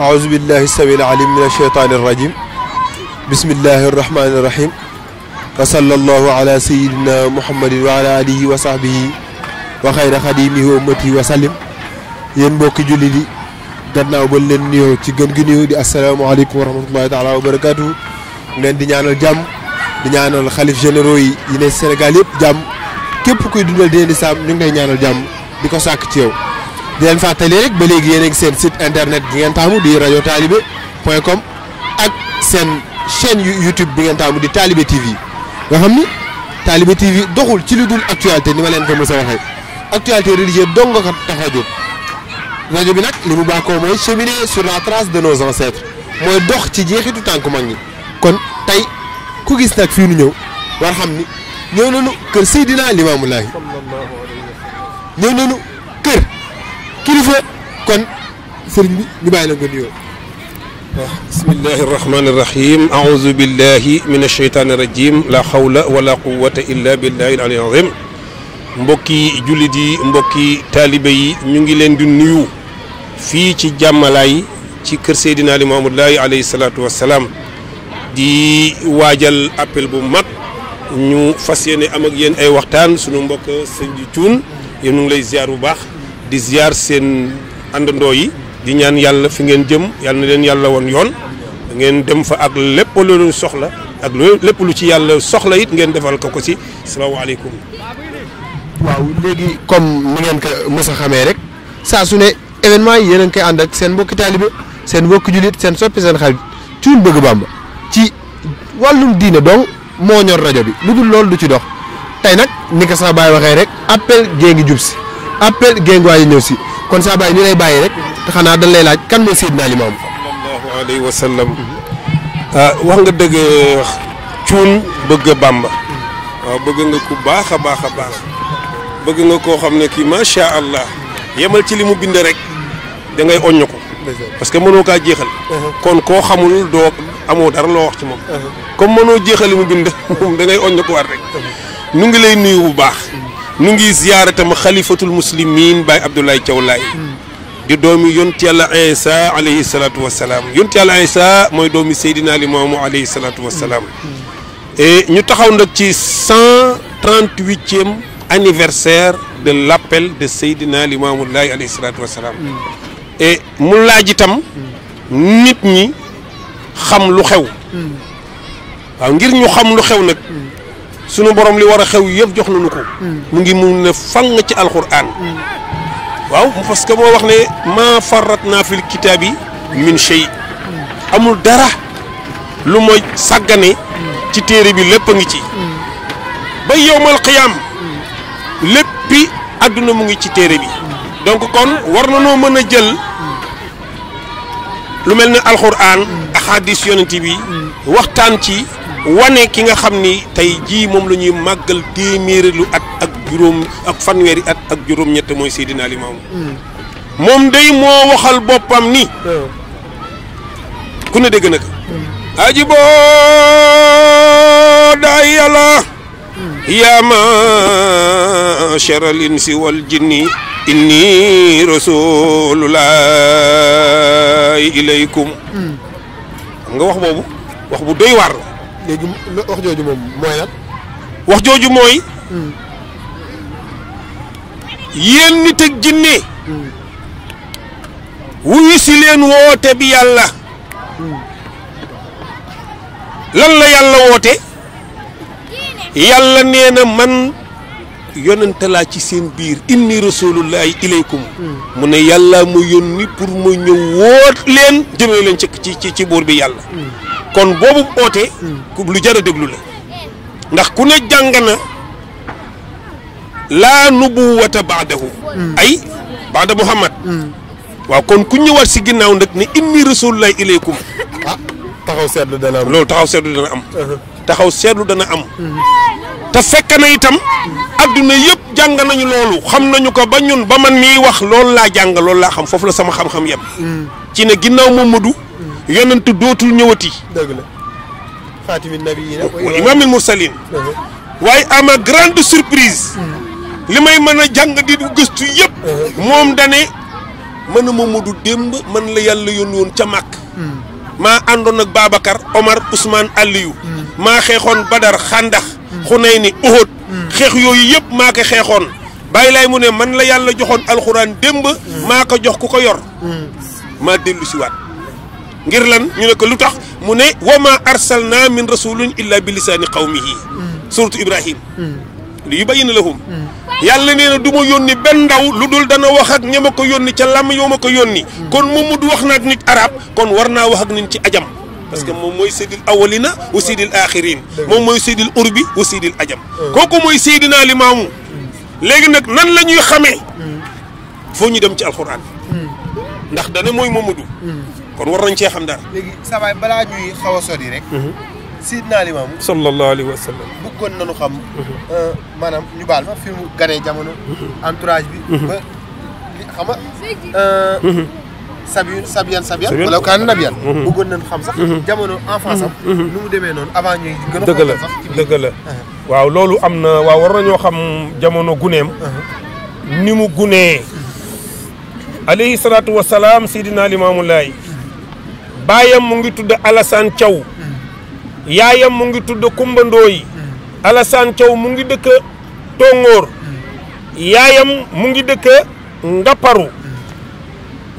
أعوذ بالله السميع العليم من الشيطان الرجيم بسم الله الرحمن الرحيم وصلى الله على سيدنا محمد وعلى آله وصحبه وخير خديمه أمته وسلم ينبوك جلدي دنا وبلن نيو تيغن نيو دي السلام عليكم ورحمه الله تعالى وبركاته نين دي نيانال جام دي نيانال خليف جينيرو يي ني سينغال ييب جام كيب كوي دوندال دي نيسام نيغي نيانال جام ديكو ساك تيو di leen rek ba léegi yéen a ngi seen site internet bi ngeen taamu di rajo talibé point com ak seen chaîne YouTube bi ngeen di Talibé TV nga xam ni Talibé TV doxul ci lu dul actualité ni ma leen ko mos a waxee actualité religieuse dong jóg rajo bi nag li mu baaxoo mooy cheminer sur la trace de nos ancêtres mooy dox ci jeexitu tànk mag ñi kon tey ku gis nag fii nu ñëw war xam ni ñëw nañu kër Seydina Limaamu Laay ñëw nañu kër. kilifa kon serigne بسم الله الرحمن الرحيم أعوذ بالله من الشيطان الرجيم لا حول ولا قوة إلا بالله العلي العظيم مبكي جلدي مبكي طالبي نيغي لين دي نيو في تي جامالاي تي سيدنا الإمام الله عليه الصلاة والسلام دي واجال أبل بو مات نيو فاسيني أي وقتان سونو مبك ينولي تون يين زيارو باخ di ziar seen àndandoo yi di ñaan yàlla fi ngeen jëm yàlla na leen yàlla woon yoon ngeen dem fa ak lépp lu soxla ak lu lépp lu ci yàlla soxla it ngeen defal ko ko si salaamaaleykum. waaw léegi comme ni ngeen ko mës a xamee rek saa su ne événement yi yéen a ngi koy ànd ak seen mbokki taalibe seen mbokki julit seen soppi seen xarit Cuun Bëgg Bàmba ci wàllum diine donc moo ñor rajo bi lu dul loolu du ci dox tey nag ni ko sa baay waxee rek appel gée ngi jub si. appel gengoy ñew ci kon sa bay ñu lay baye rek te dañ lay laaj kan mo sidna limam sallallahu alayhi wa sallam ah, wax nga deug ciun bëgg bamba wa ah, bëgg nga ku baaxa baaxa baax bëgg nga ko xamne ki ma sha Allah yemal ci limu bind rek da ngay oññu parce que mënoo kaa kon ko xamul do amoo dara lo wax ci mom uh-huh. comme mënoo jéexali limu bind mom da ngay war rek nu ngi lay nuyu bu baax nu ngi ziyaara tam xalifatul muslimin Baye Abdoulaye Thiaw Laye di doomi yonti yàlla Isa alayhi salaatu wa salaam yonti yàlla Isa mooy doomi Seydina Limaamu alayhi salaatu wa salaam ñu taxaw nag ci cent trente huitième anniversaire de l' appel de Seydina Limaamu Laye alayhi salaatu wa salaam et mu laaj itam nit ñi xam lu xew waaw ngir ñu xam lu xew nag sunu borom li war a xew yëpp jox nañu ko. Hmm. mu ngi mun ne fang ci alxuraan. Hmm. waaw parce que moo wax ne maa naa fil kitaab yi. min shay hmm. amul dara lu mooy sàggane. ci téere bi lépp a ngi ci. ba yowmal xiyaam. léppi àdduna mu ngi ci téere bi. donc kon war na noo mën a jël. lu mel ne alxuraan axaadis yonent bi waxtaan ci wane ki nga xam ni tey jii moom la ñuy màggal téeméeri lu at ak juróom ak fanweeri at ak juróom-ñett mooy Seydina Limaamu moom day moo waxal boppam ni ku ne dégg na ko aji boo daay yàlla yaa ma charal insi wal jinni inni rasulullah ilaykum nga wax boobu wax bu doy waar la wax jooju moom mooy lan wax jooju mooy yéen nit ak jinne wuyu si leen woote bi yàlla lan la yàlla woote yàlla nee man yonente laa ci seen biir inni rasulullahi ilaykum mu ne yàlla ma yónni pour ma ñëw wóot leen jëmee leen ci ci ci buur bi yàlla kon boobu oote lu jar a déglu la ndax ku ne jàng na laa nubuwata baadahu ay baada muhammad waaw kon ku ñëwaat si ginnaaw nag ne inni rasulullahi ilaykum ah, taxaw seetlu dana am taxaw seetlu dana am uh-huh. taxaw seetlu dana am uh-huh. te fekk na itam adduna yëpp jàng nañu loolu xam nañu ko ba ñun ba man mii wax lool laa jàng loolu laa xam foofu la sama xam-xam yem. Mm. ci ne ginnaaw Mamadou. Mm. yonent dootu ñëwati. dëgg la Xaatimin nabiyyiin imaamil mursaliin waaye ama grande surprise. Mm. li may mën a jàng di gëstu yëpp. moom dane mën a Mamadou démb man la yàlla yónni woon ca màkk. maa àndoon ak Babacar Omar Ousmane Aliou. maa xeexoon Badar Xandax. xunay ni uhud xeex yooyu yëpp maa ko xeexoon bàyyi laay mu ne man la yàlla joxoon alxuraan démb maa ko jox ku ko yor maa dellu si waat ngir lan ñu ne ko lu tax mu ne wa ma arsalna min rasulin illa bi lisaani qawmihi suratu ibrahim li yu bayyina lahum yàlla nee na du ma yónni benn ndaw lu dul dana wax ak ña ko yónni ca làmm yow ma ko yónni kon moom mu du wax na ak nit arab kon war naa wax ak nit ci ajam parce que moom mooy seydil awalina wa seydil axirin moom mooy seydil urbi wa seydil ajam kooku mooy seydinaa limaamu léegi nag nan la ñuy xamee foo ñu dem ci alxuraan ndax dana mooy momadou kon war nañ cee xam dara léegi sabaay balaa ñuy xaw a sori rek seydinaa limaamu sallallahu alayhi wa sallam bëggoon nañu xam maanaam ñu baal ma fi mu ganee jamono entourage bi ba xam nga Sabine Sabian Sabian. wala Kaanu Nabian. Mhm. Mhm. bëggoon nañ xam sax. Mhm. jamono enfance am. nu mu demee noonu avant ñuy gën a. dëgg uh-huh. waaw loolu am na waaw war nañoo xam jamono guneem. Uh-huh. ni mu gunee. Uh-huh. alayhi salaatu wa salaam sidina Limaamu Laay. baayam mu ngi tudd Alassane Thiaw. yaayam mu ngi tudd Kumba Ndooyi. Alassane Thiaw mu ngi dëkk Tongoor. yaayam mu ngi dëkk Ngaparu.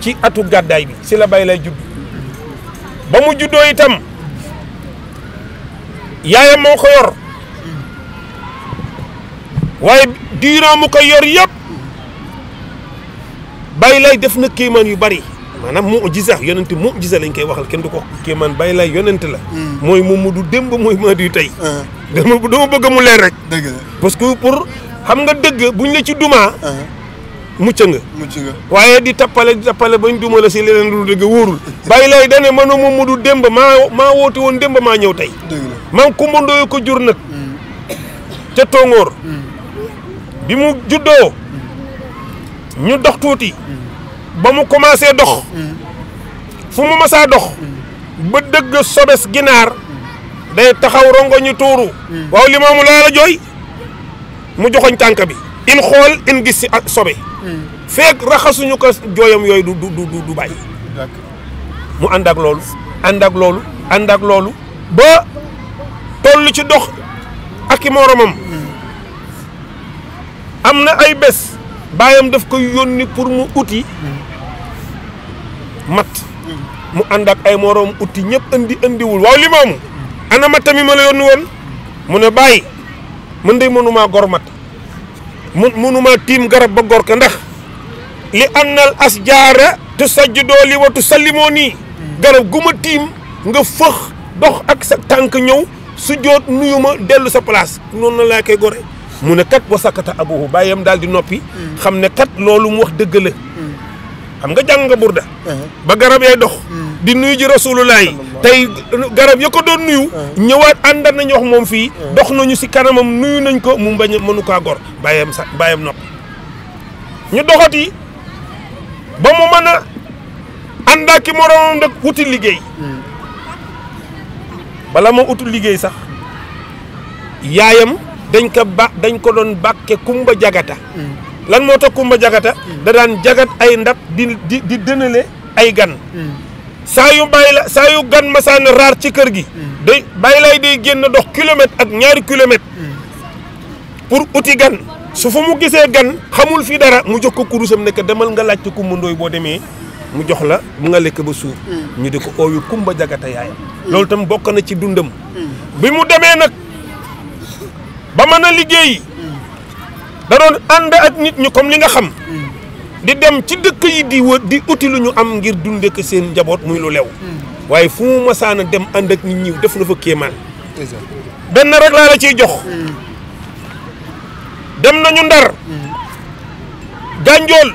ci atu gaday bi ci la bay lay judd ba mu juddo itam yaayam mo ko yor way diira mu ko yor yeb bay lay def na kiman yu bari maanaam mu'jiza yonent mu'jiza lañ koy waxal ken du ko bay lay yonent la. moy hmm. mu mudu demb moy ma du tay hmm. dama dama bëgg mu leer rek. parce que pour xam nga deug buñ la ci duma hmm. mucc nga waaye di tappale di tappale bañ duma si leneen lu dëgg wóorul bàyyi lay dane mënu moom mu du démb maa maa woote woon démb maa ñëw tey maam Kumba Ndoye ko jur nag mm. ca tóngoor mm. bi mu juddoo mm. ñu dox tuuti ba mu commencé dox fu mu masaa dox ba dëgg sobes ginaar day taxaw rongo ñu tuuru waaw li moomu laa la jooy mu joxoñ tànk bi in xool in gis si ah, sobe Fek raxasuñu ko joyam yoy du du du du bay mu andak lolu andak lolu andak lolu ba tollu ci dox ak moromam amna ay bes bayam daf ko yoni pour mu uti mat mu andak ay morom uti ñëpp andi wul waaw mom ana matami ma la yoni won mu ne bay man day gor mat mun munuma tiim garab ba gor ko ndax li annal asjaara tu sajjudoo li watu sallimoo nii garab gu ma tiim nga fëx dox ak sa tànk ñëw su joot nuyu ma dellu sa place noonu na laa koy gore mu ne kat wasakata abu bàyyam daal di noppi xam ne kat loolu mu wax dëgg la mm. xam nga jàng burda uh-huh. ba garab yay dox mm. di nuyu ji rasulullah tey garab ya ko doon nuyu. Ah. ñëwaat àndal nañu wax moom fii. Ah. dox nañu si kanamam nuyu nañ ko mu bañ mënu kaa gor bàyyam sa bàyyam nopp ñu doxati ba mu mën a ànd ak ki moromam nag wuti liggéey. Hmm. bala moo utul liggéey sax yaayam dañ ko dañ ko doon bàkke kumba jagata. Hmm. lan moo tax kumba jagata. Hmm. da daan jagat ay ndab di di di dënale ay gan. saa yu bàyyi la saa yu gan masaan raar ci kër gi mm. day bàyyi lay day génn dox kilomètre ak ñaari kilomètre mm. pour uti gan su fa mu gisee gan xamul fii dara mu jox ko kurusam nekk demal nga laajte Kumba Ndooy boo demee mu jox la mu nga lekk ba suur mm. ñu di ko ooyu Kumba Jagata yaayam loolu tam bokk na ci dundam bi mu demee nag ba mën a liggéey da doon ànd ak ñi comme li nga xam di dem ci dëkk yi di wër di uti lu ñu am ngir dundee seen njaboot muy lu lew. Hmm. waaye fu mu masaana dem ànd ak nit ñi def na fa kéemaan. benn rek laa la ciy jox. Hmm. dem nañu ndar. Hmm. gànjool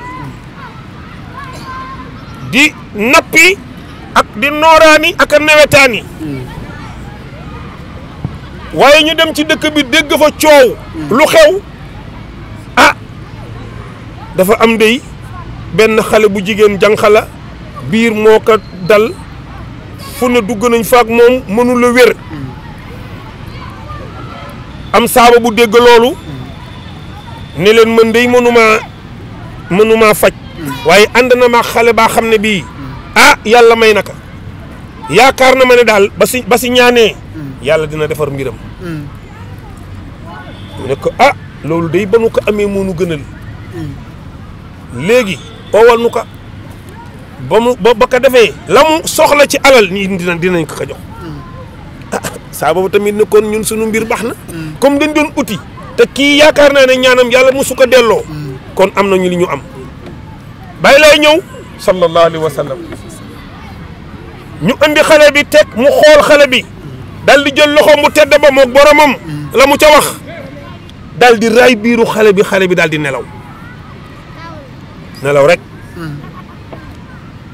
di nappi ak di nooraani ak a nawetaani waaye ñu dem ci dëkk bi dégg fa coow. lu xew ah dafa am dey ben xalé bu jigen jankala bir moko dal fu ne dugg nañ faak mom mënu la wër am saaba bu dégg lolu ne len man dey mënuma mënuma fajj waye and na ma xalé ba xamné bi ah yalla may naka ka yaakaar na dal basi basi ba si ba si ñaané yalla dina défar mbiram ne ko ah lolu dey banu ko amé mënu gënal owal nu ko ba mu ba ko defee la mu soxla ci alal nii dina dinañ ko jox ah boobu tamit ne kon ñun suñu mbir baax na comme dañ doon uti te kii yaakaar naa ne ñaanam yàlla mosu ko delloo kon am nañu li ñu am bàyyi lay ñëw sallallahu alayhi wa ñu indi xale bi teg mu xool xale bi dal di jël loxo mu tedd ba moog boromam la mu ca wax dal di ray biiru xale bi xale bi daal di nelaw نلاو رك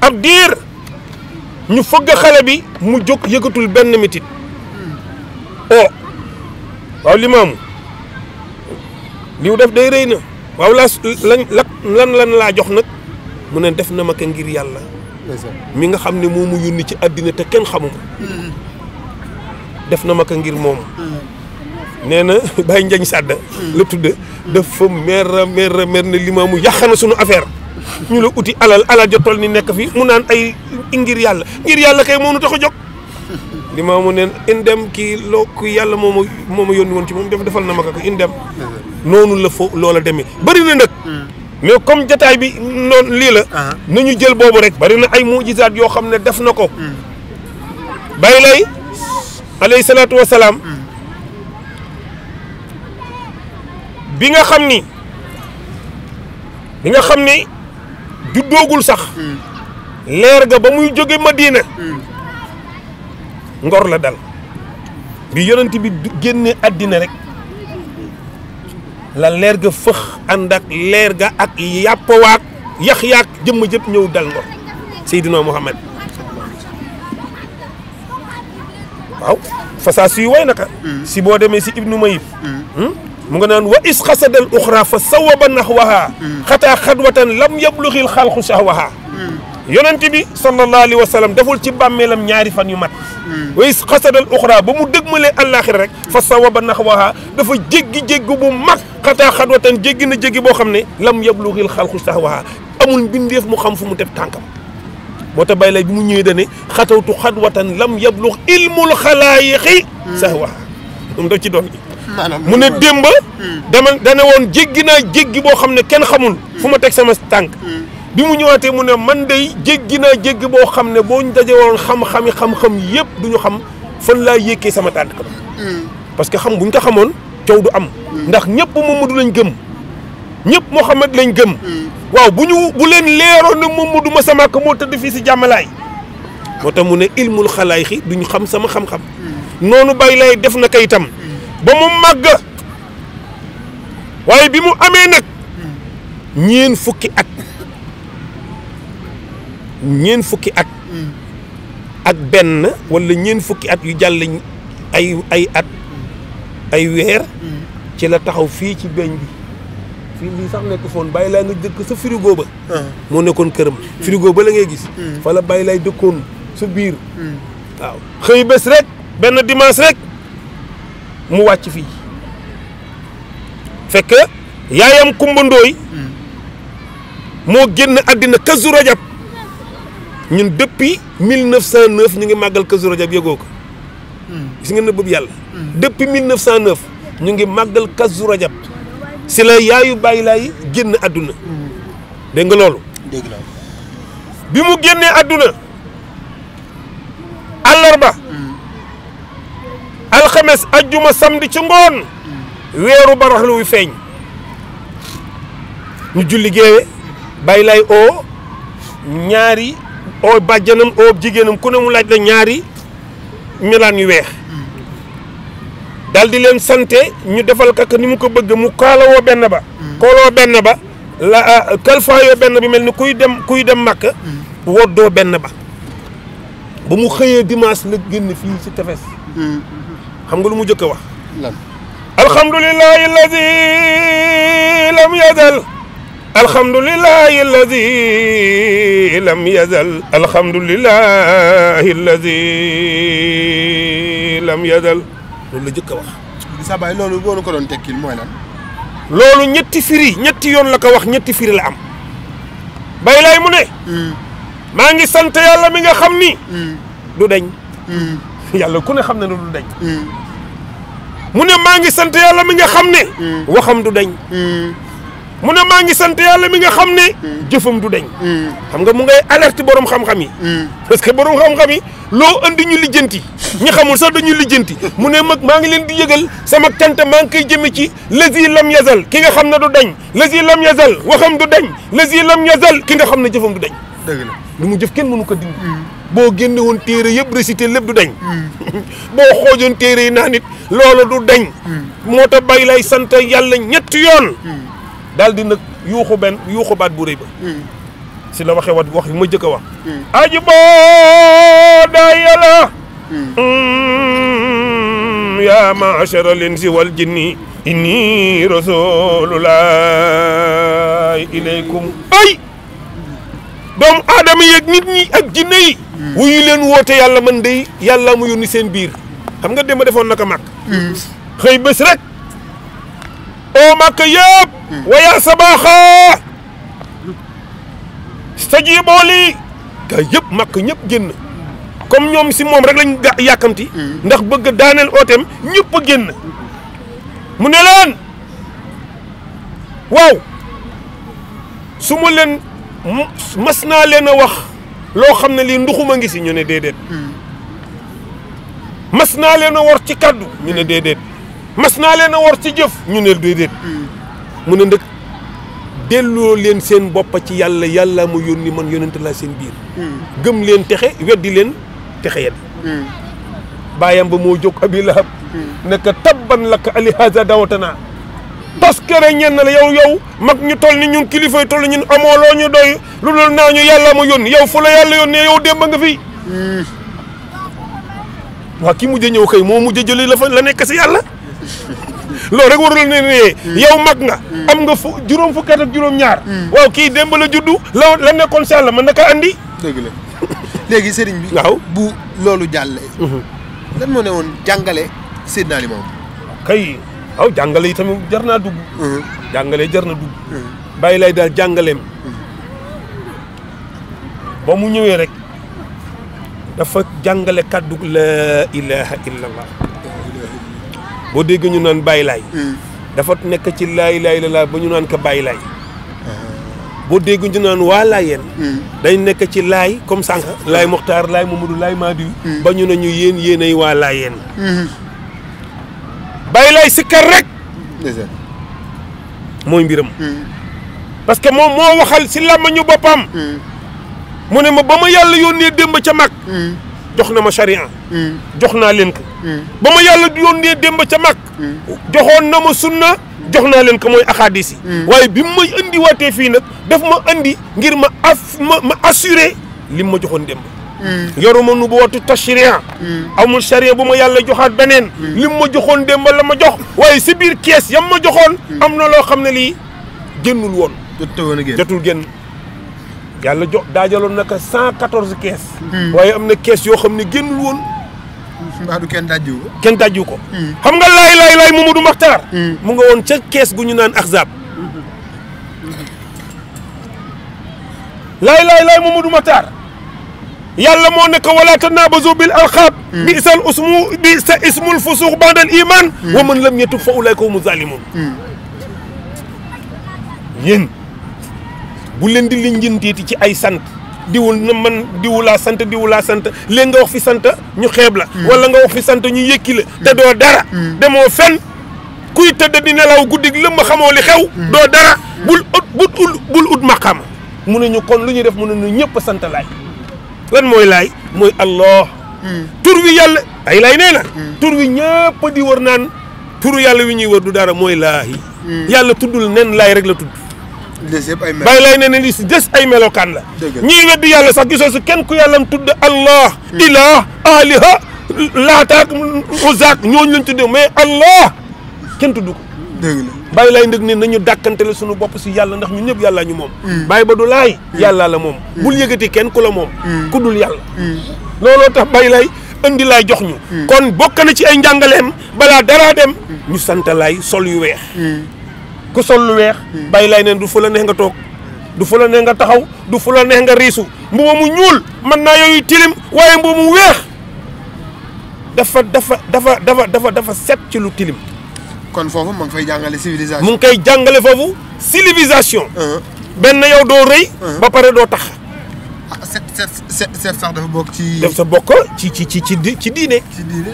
اك دير ني فغ خالي بي مو جوك ييغتول بن ميتيت او وا ليمام ليو داف داي رينا واو لا لان لان لا جوخ نك من داف نما كان غير يالا ميغا خامني مومو يوني سي ادينه تا كين خامو داف نما كان غير موم nee na Baye Njañ Sàdda la tudd dafa mer mer mer ne limaamu yàq na sunu affaire ñu la uti alal alal ja toll ni nekk fi mu naan ay ngir yàlla ngir yàlla kay moo nu tax a jóg limaamu neen indem kii loo yàlla moo ma moo woon ci moom def defal na ma ko indem noonu la fo loola demee bëri na nag mais comme jataay bi noonu lii la ah. na ñu jël boobu rek bari na ay mujisaat yoo xam ne def na ko hmm. bàyyi lay alayhi salaatu wasalaam hmm. bi nga xamni bi nga xamni du dogul sax leer ga ba muy joge madina ngor la dal bi yonenti bi genné adina rek la leer ga yak andak leer ga ak yap waak yakh yak jëm jëp ñew dal ngor sayyidina muhammad waaw fasaa suy way naka si bo demee si ibnu maif. مغنان وإس خسد الأخرى فصوب نحوها حتى خدوة لم يبلغ الخلق شهوها يونتي بي صلى الله عليه وسلم دفول تي باميلام نياري فان يو مات ويس خسد الاخرى بومو دغمل الاخر رك فصوب نحوها دفا جيغي جيغ بو مات خطا خدوتن جيغي نا جيغي بو خامني لم يبلغ الخلق شهوها امول بنديف مو خام فمو تيب تانكام موتا باي لاي بومو نيوي داني خطوت خدوتن لم يبلغ علم الخلائق شهوها دوم دو تي دون mu ne démba hmm. dama dana woon jéggi naa jéggi boo xam ne kenn xamul fu ma teg sama tànk hmm. bi mu ñëwaatee mu ne man day jéggi naa jéggi boo xam ne boo ñu woon xam-xami xam-xam yëpp du ñu xam fan laa yékkee sama tànk ba hmm. parce que xam bu ñu ko xamoon coow du am ndax ñëpp Mamadou lañ gëm ñëpp Mouhamed lañ gëm waaw bu ñu bu leen leeroon ne Mamadou Massamaka moo tëdd fii si jàmmalaay moo tax mu ne ilmul xalaay xi duñu xam sama xam-xam noonu bàyyi lay def na kayitam ba mu màgg waaye bi mu amee nag ñeen fukki at ñeen fukki at ak benn walla ñeen fukki at yu jàll ay ay at ay weer ci la taxaw fii ci beñ bi fii lii sax nekk foon bàyyi laay nga dëkk sa frigo ba moo nekkoon këram frigo ba la ngay gis fa la bàyyi laay dëkkoon sa biir waaw xëy bés rek benn dimanche rek mu wàcc fii fekk yaayam Kumba moo génn àddina Kazu Rajab ñun depuis 1909 ñu ngi màggal Kazu Rajab yéegoo ko hmm. gis nga nëbbub yàlla hmm. depuis 1909 ñu ngi màggal Kazu Rajab si la yaayu bàyyi lay génn àdduna hmm. dégg nga loolu dégg bi mu génnee àdduna àllarba alxemes ajjuma samedi ci ngoon weeru baraxlu feeñ ñu julli géewe bàyyi lay oo ñaari oo bàjjanam oo jigéenam ku ne mu laaj la ñaari melaan yu weex daal di leen sante ñu defal kak ni mu ko bëgg mu kaalawoo benn ba kooloo benn ba ah, kalfaayoo benn bi mel ni kuy dem kuy dem màkk woddoo benn ba ba mu xëyee dimanche la génn fii ci tefes hmm. خمغلو مو جيك الحمد لله الذي لم يزل الحمد لله الذي لم يزل الحمد لله الذي لم يزل لولو جيك واخ ديسا باي لولو بو نكو دون تيكيل موي لان لولو نيتي فيري نيتي يون لاكو واخ نيتي فيري لا ام باي لاي مو ني ماغي سانت يالا ميغا خامني دو دنج يالا كوني خامنا دو دنج mu ne maa ngi sant yàlla mi nga xam ne mm. waxam du dañ mm. mu ne maa ngi sant yàlla mi nga xam ne mm. jëfam du dañ xam nga mu ngay alerte borom xam-xam yi parce que borom xam-xam yi loo andi ñu lijjanti ñi xamul sax dañu lijjanti mu ne mag maa ngi leen di yëgal sama cant maa ngi koy jëme ci lazi lam yazal ki nga xam ne du dañ lazi lam yazal waxam du dañ lazi lam yazal ki nga xam ne jëfam du dañ dëgg mu jëf kenn mënu ko dindi boo génnewoon woon téere yëpp récité lépp du dañ boo xoojoon téere yi naa nit loolu du dañ moo tax bay lay yàlla ñetti yoon daal di yuuxu benn yuuxu baat bu rëy ba si la waxee wat wax ma jëkk a wax aji boo daa yàlla yaa maachara al insi wal jinni inni rasulullah ilaykum ay doomu aadama yeeg nit ñi ak jinne Hmm. wuyu water yalla yalla man de yalla mu yoni sen bir xam nga dem defon naka mak hmm. xey sabaha, rek mak yeb hmm. wa ya sabaha staji boli ga yeb mak ñep genn comme ñom si mom rek lañ yakamti ndax bëgg daanel otem ñep genn mu ne len len masna len wax loo xam ne lii a ngi si ñu ne déedéet hmm. mas naa leen a war ci kàddu ñu ne hmm. déedéet mas naa leen a war ci jëf ñu ne déedéet hmm. mu ne ndëkk delloo leen seen bopp ci yàlla yàlla mu yónni man yónnante laa seen biir gëm leen texe weddi leen texe yedd bàyyam ba moo jóg abi lahab naka tabban laka ali haza dawatanaa parce que rek ñenn la yow yow mag ñu toll ni ñun kilifa yi toll ñun amoo loo ñu doy lu dul naa ñu yàlla ma yónni yow fu la yàlla yónnee yow démb nga fi. Hmm. waa ki mujj a ñëw kay moo mujj a jëlee la la nekk si yàlla loolu rek warul ne ne hmm. yow mag nga. Hmm. am nga fu juróom fukki at waaw kii démb la juddu la la nekkoon si yàlla mën na ko andi. dëgg la léegi sëriñ bi. waaw bu loolu jàllee. lan moo ne woon jàngale Seydina Limamou. kay. waaw jàngale yi tamit jar naa dugg. Hmm. jàngale jar na dugg. Hmm. bàyyi lay daal jàngaleem. Hmm. ba mu ñëwee rek dafa jàngale kàddu laa ilaha illallah. boo dégg ñu naan bàyyi laay. dafa nekk ci laa ilaha illallah ba ñu naan ko bàyyi laay. Ah. boo dégg ñu naan waa laayeen. day nekk ci laay comme sànq. laay Mokhtar laay Mamadou laay Madiou. ba ñu ne ñu yéen yéenay waa laayeen. bàyyi si sikkar rek. mooy mbiram. Hmm. parce que moom moo waxal si làmmiñu boppam. Hmm. mu ne ma ba ma yàlla yoon yónnee démb ca mag. jox na ma charia. jox naa leen ko. ba ma yàlla yónnee démb ca mag. joxoon na ma sunna. jox naa leen ko mooy axaadis yi. Hmm. waaye bi mu may indiwaatee fii nag daf ma indi ngir ma af ma ma assuré lim ma joxoon démb. Mm. yoruma nu bu watu tashriya mm. amul charia bu ma yàlla joxaat beneen mm. lim ma joxoon démb la ma jox waaye si biir kees yam ma joxoon am na loo xam ne lii génnul woon jotul génn yàlla jox daajaloon naka cent quatorze kees waaye am na kees yoo xam ne génnul woon mbaa du kenn dajju ko kenn dajju ko xam nga laay laay laay Mamadou Makhtar mu nga woon ca kees gu ñu naan axzaab mm-hmm. lay laay laay Mamadou Makhtar yàlla moo nekk wala tanaabazu bil alqaab hmm. bi isal usmu bi sa ismul fusuq ba'dal iman hmm. wa man lam yatub fa ulaika mu zalimun hmm. yéen bu leen di lijjanteeti ci ay sant diwul na man diwulaa sant diwulaa sant leen nga wax fi sant ñu xeeb la wala nga wax fi sant ñu yëkki la te doo dara demoo fen kuy tëdd di nelaw guddig lëmm xamoo li xew doo dara bul ut bul ut maqaama mu ne ñu kon lu ñuy def mu ne ñu ñëpp sant laay lan mooy laay mooy allah hmm. tur wi yàlla ay laay nee na hmm. tur wi ñëpp di wër naan turu yàlla wi ñuy wër du dara mooy laahi hmm. yàlla tuddul nen laay rek la tudd bàyyi laay nee na li si des ay melokaan la ñiy weddi yàlla sax gisoo si kenn ku yàlla yàllam tudd allah ilah aliha laataak uzaak ñooñu lañ tudd mais allah kenn tudd ko bay lay ndek ni nañu dàkkantele suñu bop ci yalla ndax ñun ñëpp yalla ñu mom hmm. bay ba du lay hmm. yalla la moom hmm. bul yëgati kenn kula la ku dul yalla lolo tax bay lay indi lay jox ñu kon bokk na ci ay njàngaleem bala dara dem ñu sant lay sol yu weex ku sol lu weex bay lay neen du fu la neex nga tok du fu la neex nga taxaw du fu la neex nga risu mbuba mu ñuul man na yoy tilim waye mbuba mu dafa dafa dafa dafa dafa dafa set ci lu tilim kon suis mu fay civilisation. mu ngi civilisation. ben yow do reuy ba pare do tax. cette ah, sax dafa ci. def sa bok ci ci ci ci ci ci diine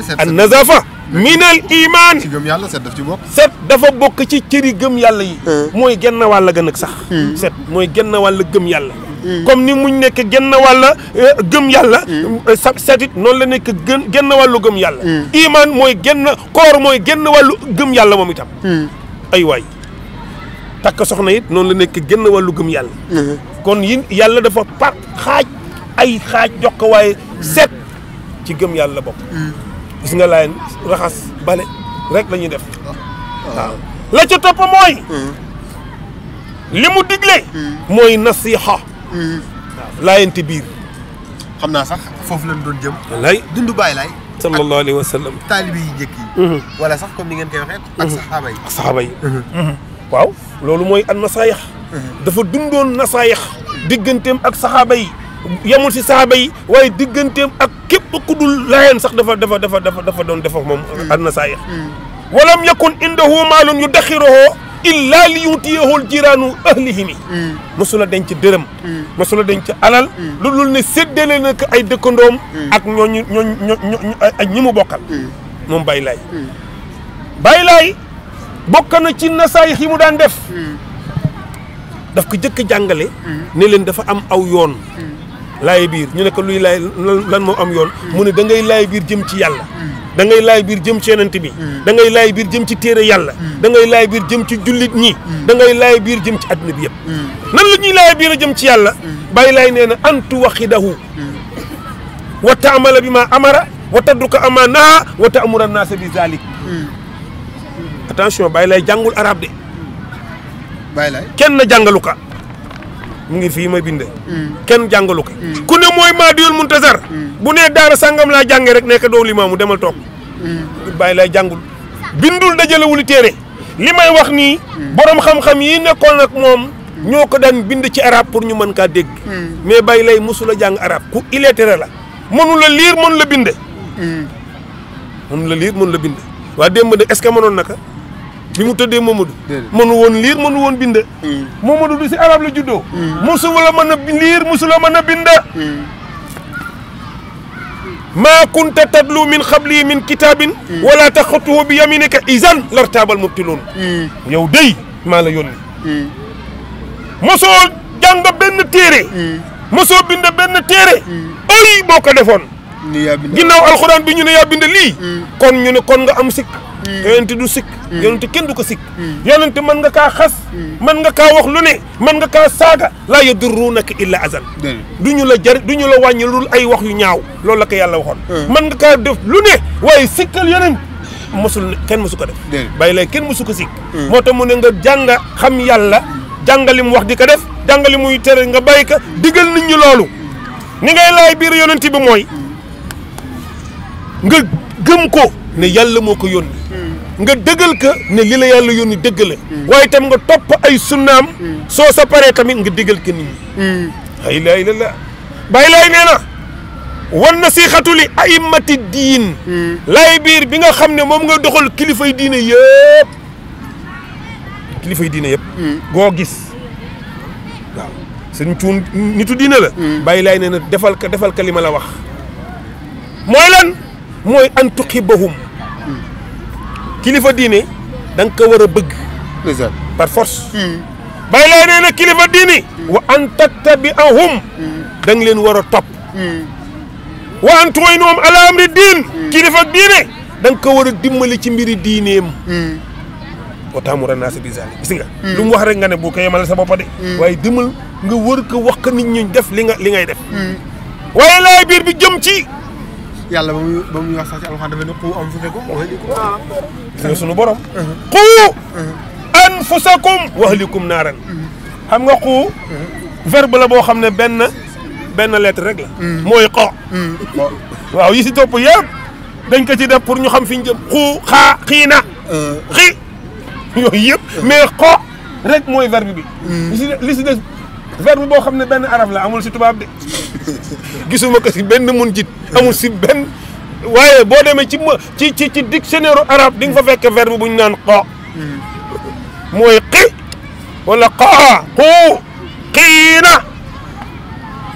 cette nazafa. iman. ci gem yalla set daf ci bok set dafa bok ci gem yalla yi. Euh. moy genn sax. Hmm. set genn comme ni muñ nekk genn wàlla eh, gëm yàlla mm. sa setit noonu la nekk gën genn wàllu gëm yàlla mm. iman mooy genn koor mooy genn wàllu gëm yàlla moom itam mm. ay waay takk soxna it noonu la nekk genn wàllu gëm yàlla kon yi yàlla dafa par xaaj ay xaaj jox ko waaye seet ci gëm yàlla bopp gis nga laay raxas bale rek la def ah. waaw la ca topp mooy li mu digle mooy nasiha laayante biir. xam naa sax foofu lañ doon jëm. wallaay dundu Baay Laay. sallallahu alayhi wa sallam ak taalibe yi njëkk yi. wala sax comme ni ngeen koy waxee. ak saxaaba yi ak saxaaba yi. waaw loolu mooy an nasaayax. dafa dundoon nasaayax. digganteem ak saxaaba yi. yamul si saxaaba yi waaye digganteem ak képp ku dul laayeen sax dafa dafa dafa dafa doon def ak moom. an nasaayax. walam yakun indahu maalun yudaxiruhu illaa li yutiyahul jiraanu mi masula mm. denc dërëm mm. mosula denc alal mm. lu dul ne séddale na ko ay dëkkandoom ak ñooñu ñooñu ñi mu bokkal moom Baye Laye Baye na ci nasaay yi mu daan def daf ko jëkk jàngale ne leen dafa am aw yoon laaye biir ñu ne ko luy laay lan moo am yoon mu ne dangay ngay biir jëm ci yàlla da ngay laay biir jëm ci yonent bi mm. da ngay biir jëm ci téere yàlla mm. dangay ngay laay biir jëm ci jullit ñi mm. dangay ngay biir jëm ci àdduna bi yëpp nan la ñuy laay biir a jëm ci yàlla bàyyi laay nee na antu waxidahu wa taamala bi ma amara wa tadruka ama naa wa taamura naasa bi zalik attention bàyyi laay jàngul arab de bàyyi laay kenn jàngalu ka mu ngi fi ma bind kenn jàngalu ka ku ne mooy maa diyul muntazar bu nee daara sàngam laa jàngee rek nekk doo limaamu demal toog mm. bàyyi lay jàngul bindul dajalewul téere li may wax nii mm. borom xam-xam yi nekkoon ak moom ñoo ko daan bind ci arab pour ñu mën kaa dégg mm. mais bàyyi lay mosula jàng arab ku illettré la mënu la liir mënu la bind mënu la liir mënu la bind waa démb de est mënoon naka bi mu tëddee Mamadou mënu woon liir mënu woon bind Mamadou du si arab la juddoo mosu la mën a liir mosu la mën a bind ما كنت تدلو من قبلي من كتاب ولا تخطه بيمينك اذا لارتاب المبتلون يو دي ما لا يوني مصول جانب بن تيري مصول بن بن تيري أي بوكا دفون جنو القرآن بن يا بن لي كون يوني كون غا أمسك Hmm. yonent du sik hmm. yonent ken du ko sik hmm. yonent man nga ka khas man nga ka wax lu ne man nga ka saga la yadurunaka illa azan duñu la jar duñu la wàññi lul ay wax yu ñaaw loolu la ko yalla waxon man nga ka def lu ne way sikkel yonent musul ken musuko def bay lay ken musuko sik motam moo mu ne nga jang xam yalla jàngali wax di ko def jàngali muy tere nga bay ka digel nit ñi loolu ni ngay lay bir yonent bi moy nga gëm ko ne yàlla moo ko yónni hmm. nga dëggal ko ne li la yàlla yónni dëgg la hmm. waaye itam nga topp ay sunnaam hmm. soo saparee tamit nga dëggal ka nit ñi laay nee na wan na siixatu li aimati diin laay biir bi nga xam ne moom nga doxal kilifay diine yëpp kilifay diine yëpp goo gis waaw sëñ cuun nitu la bay laay nee na defal ka defal ka li ma la wax mooy lan mooy an tuxibahum kilifa dini dang ko wara a par force hmm. bàyyi laa nee na kilifa diini hmm. wa an tattabiahum hmm. leen top, a wa an tuwaynuhum ala amri din kilifa diine dang ko wara dimbali ci mbiri diineem o taamura naasa bi zaalik gis nga lu mu wax rek nga ne bu ko yemal sa bop de way dimbal nga wër ko wax nit ñu def li nga li ngay def waye lay bir bi jëm ci yàlla ba muy ba muy wax sax ci alxuraan dafa ne xuu anfusakum wa ahlikum gis nga naaran xam nga xuu verbe la boo xam ne benn benn lettre rek mooy xoo waaw yi si topp yëpp dañ ko ci def pour ñu xam fi jëm xuu xaa xii na xi yooyu yëpp mais xoo rek mooy verbe bi li si verbe boo xam ne benn arab la amul si tubaab de ma ko si benn mun jit amul si benn waaye boo demee ci ci ci ci dictionnaire arabe di nga fa fekk verbe bu ñu naan xoo mooy xi wala xaa xuu xiina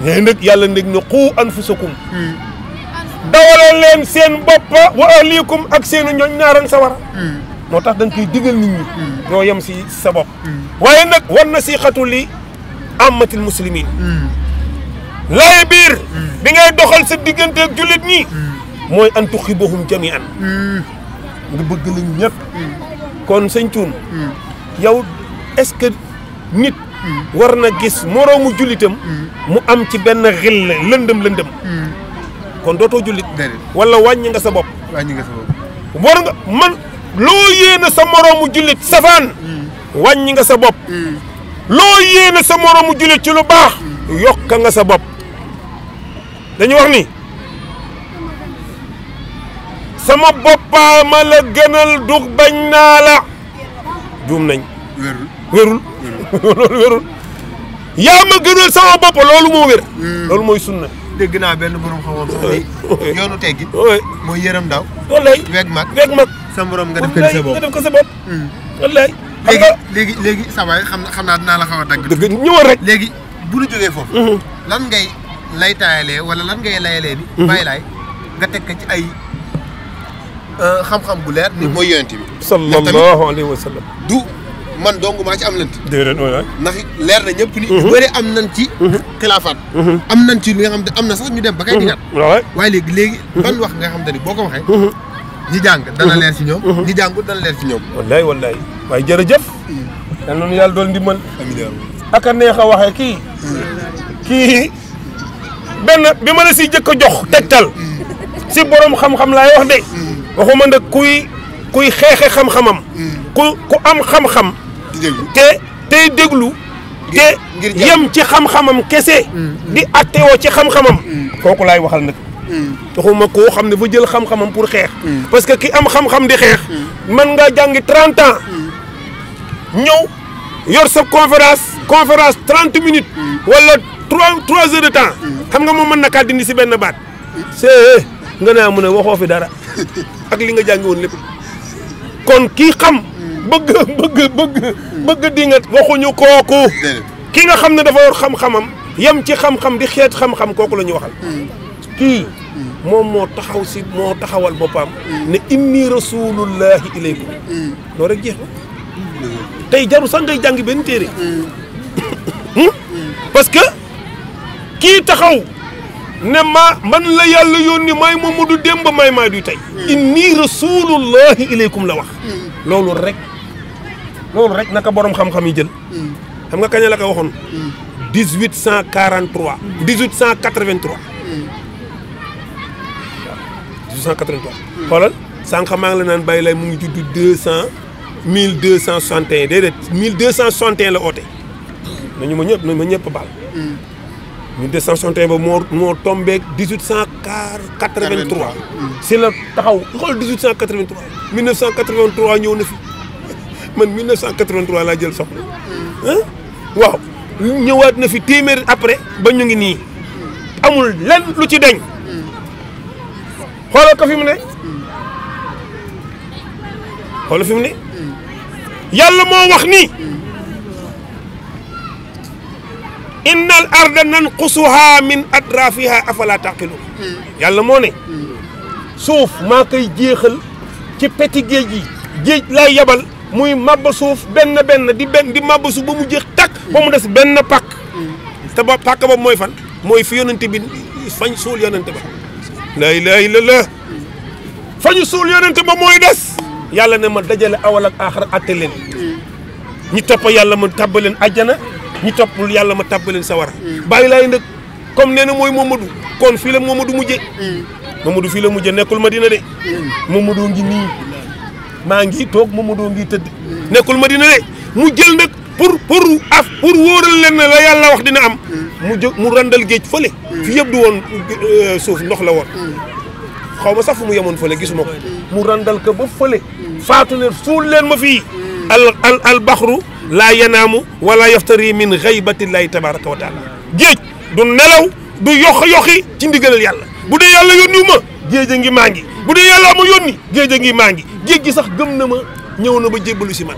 ngay ndëg yàlla ndëg na xuu anfusakum dawaloo leen seen boppa wa ahliikum ak seenu ñooñ naaran sawara moo tax da nga koy digal nit ñi ñoo si sa bopp hmm. waaye nag war na si lii amatil muslimin hmm. lay bir hmm. bi ngay doxal sa diggante ak julit ñi moy hmm. an tuhibuhum jami'an nga bëgg nañ ñepp kon señ tun yow est ce que nit war gis moromu julitam mu am ci ben xil lendem lendem kon doto julit wala wañ nga sa bop wañ nga sa bop war nga man lo yéene sa moromu julit safan wañ nga sa bop lo yéene sa moromu julit ci lu baax yokka nga sa bopp dañu wax ni sama boppaa ma la gënal dug bañ naa la juum nañ wérul loolu wérul yaa ma gënal sama bopp loolu moo wér hmm. loolu mooy sunna dégg naa benn borom xamoon sax ni yoonu teggi mooy yërëm daw wallaay weeg mag weeg mag sa morom nga def ko sa bopp nga def ko sa bopp hmm. léegi léegi léegi saa waay xam xam naa dinaa la xaw a dagg. dëgg ñëwoon rek. léegi bu ñu foofu. Mhm. lan ngay lay taayalee wala lan ngay layalee ni. Mhm. bàyyi lay nga teg ko ci ay euh, xam-xam bu leer. ni mhm. mooy yonent bi. sallallahu alayhi wa sallam du man dong maa ci am nanti déedéet waay ndax leer na ñëpp ni. ñu bëri am nañ ci. xilaafaat. am nañ ci li nga xam ne am na sax ñu dem ba kay digat. waaw waaye léegi léegi. ban wax nga xam te ni boo ko waxee. ñi jàng dana leer ci ñoom. ñi jàngut dana leer ci ñoom. wallaay wallaay. waaye jërëjëf. yal na nu yàlla doon ak a neex a waxee kii. kii benn bi ma la si jëkk a jox tegtal. si borom xam-xam laay wax de. waxuma nag kuy kuy xeexe xam-xamam. ku ku am xam-xam. te tey déglu. te yem ci xam-xamam kese. di attewoo ci xam-xamam. Mm. kooku laay waxal nag. Mm. taxuma koo xam ne fa jël xam-xamam pour xeex. Mm. parce que ki am xam-xam di xeex. mën ngaa jàngi 30 ans. ñëw yor sa conférence conférence trente minutes wala trois trois heures de temps xam nga moom mën na kaa dindi si benn baat see eh, nga naa mu ne waxoo fi dara ak li nga jàngi woon lépp kon kii xam bëgg bëgg bëgg bëgg di nga waxuñu kooku ki nga xam ne dafa yor xam-xamam yem ci xam-xam di xeet xam kooku la ñuy waxal kii moom moo taxaw si moo taxawal boppam ne inni rasulullahi ilaykum mm. tay jaru sax ngay ben téré hmm parce que ki taxaw ne ma man la yalla yoni may momadou Demba may maa du tey inni rasulullah ilaykum la wax lolu rek lolu rek naka borom xam-xam yi jël xam nga kañ la ko waxon 1843 1883 1883 xolal sànq maa ngi la nane bay lay mu ngi tuddu 200 1261 déedéet 1261 la oote nañu ma ñëpp nañu ma ñëpp bal 1261 hmm. ba moo moo tombeek 1883. c'est hmm. la taxaw xol 1883. 1983 ñëw na fi man 1983 la jël soxna hmm. hein waaw ñëwaat na fi téeméer après ba ñu ngi nii amul lenn lu ci deñ xoolal ko fi mu ne xoolal fi mu ne. يلا ما وخني إن الأرض ننقصها من أطرافها أفلا تعقلون يلا موني سوف ما كي جيخل كي بتي جيجي جيج لا يبل موي مابا سوف بن بن دي بن دي مابا سوف بمو جيخ تاك بمو دس بن باك تبا باك بمو موي فان موي في يوننتي بن فان سول يوننتي با لا إله إلا الله فان سول يوننتي با موي دس yàlla ne ma dajale awal ak aaxar atte leen ñi topp yàlla ma tàbbaleen ajjana ñi toppul yàlla ma tàbbaleen sawara bàyyi laay nag comme nee na mooy Momadou kon fii la Momadou mujje Momadou fii la mujje nekkul ma dina de Momadou ngi nii maa ngi toog Momadou ngi tëdd nekkul Madina de mu jël nag pour pour af pour wóoral leen ne la yàlla wax dina am mu jë mu randal géej fële fi yëpp du woon euh, suuf ndox la woon xaw ma sax fu mu yemoon fële gisuma ko mu randal ko ba fële faatu leen fuul leen ma fii al al al baxru laa yanaamu wala yaftari min xaybatillahi tabaraka wa taala géej du nelaw du yox yoxi ci ndigalal yàlla bu dee yàlla yónniwu ma géej ngi maa ngi bu dee yàlla ma yónni géej a ngi maa ngi géej sax gëm na ma ñëw na ba jébbalu si man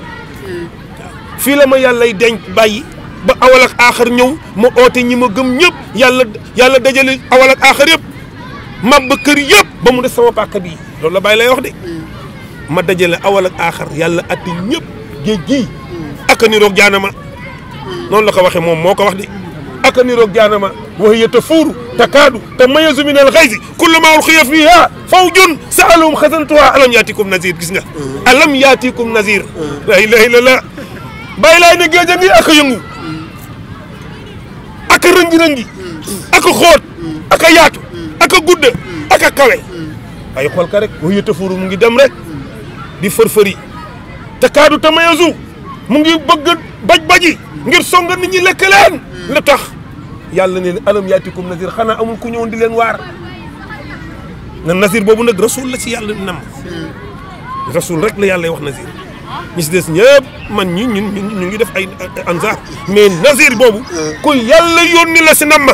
fii la ma yàllay denc bàyyi ba awal ak aaxar ñëw ma oote ñi ma gëm ñëpp yàlla yàlla dajale awal ak aaxar yëpp mab kër yëpp ba mu des sama pàkk loola loolu lay wax de mm. ma dajale awal ak aaxar yàlla atti ñëpp géej gii mm. aka niroog jaanama mm. noonu la ko waxee moom moo ko wax de aka niroog jaanama wa hiya tafuuru takaadu tamayazu min alxaysi kullama ulqiya fiha fawjun saalum xasantuha alam yaatikum nazir gis alam yaatikum nazir la ilaha illallah bàyyi laay ne géej a ngi aka yëngu aka rëngi-rëngi aka xóot aka yaatu aka gudd aka kawe ay xool ka rek wayu tafuru mu ngi dem rek di fërfëri te kaadu tamayasu mu ngi bëgg baj-baji ngir songa nit ñi lekk leen la tax yàlla ne alam yaatikum nasir xanaa amul ku ñëwoon di leen waar na nasir boobu nag rasul la ci yàlla nam rasul rek la yàlla wax nasir ñi si des ñëpp man ñi ñun ñu ngi def ay ansaar mais nasir boobu ku yàlla yónni la si nam ma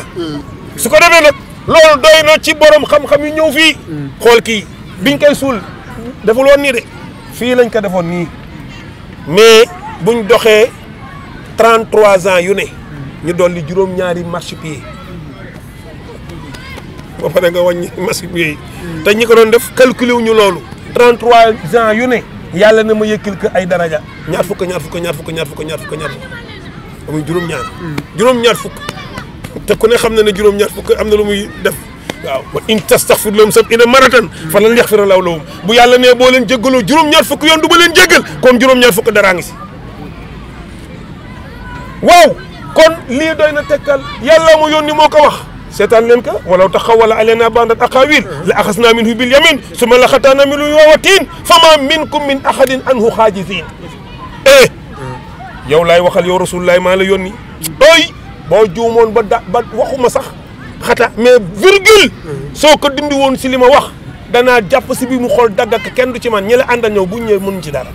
ko defee nag loolu doy na ci borom xam-xam yi ñëw fii. Mm. xool kii biñ koy suul deful woon nii de fii lañ ko defoon nii mais buñ doxee 33 ans yu ne mm. ñu dolli juróom-ñaari marchepied ba pare nga wàññi marchepied yi. Mm. te ñi ko doon def calculé wu loolu. 33 ans yu ne. yàlla na ma yëkkil ko ay daraja ñaar fukk ñaar fukk ñaar fukk ñaar fukk ñaar fukk ñaar fukk amuñ juróom-ñaar. juróom-ñaar fukk. تكون خمنا نجوم نعرف أمنا لهم يدف إن تستغفر لهم سب إذا مرتن فلن يغفر الله لهم بيا لنا بولن جعلوا جروم نعرف كيوم دبلن جعل كم جروم نعرف كدرانس واو كن لي دوينا تكل يلا ميون نموك وح سيتان لينك ولو تخول علينا باند أقاويل لأخذنا منه باليمين ثم لخطانا من الواتين فما منكم من أحد أنه خاجزين إيه يا الله يا رسول الله ما له أي boo juumoon ba da ba waxuma sax xata mais virgule soo ko dindi woon si li ma wax danaa jàpp si bi mu xool dagg kenn du ci man ñi la àndal ñëw bu ñëwee mënuñ ci dara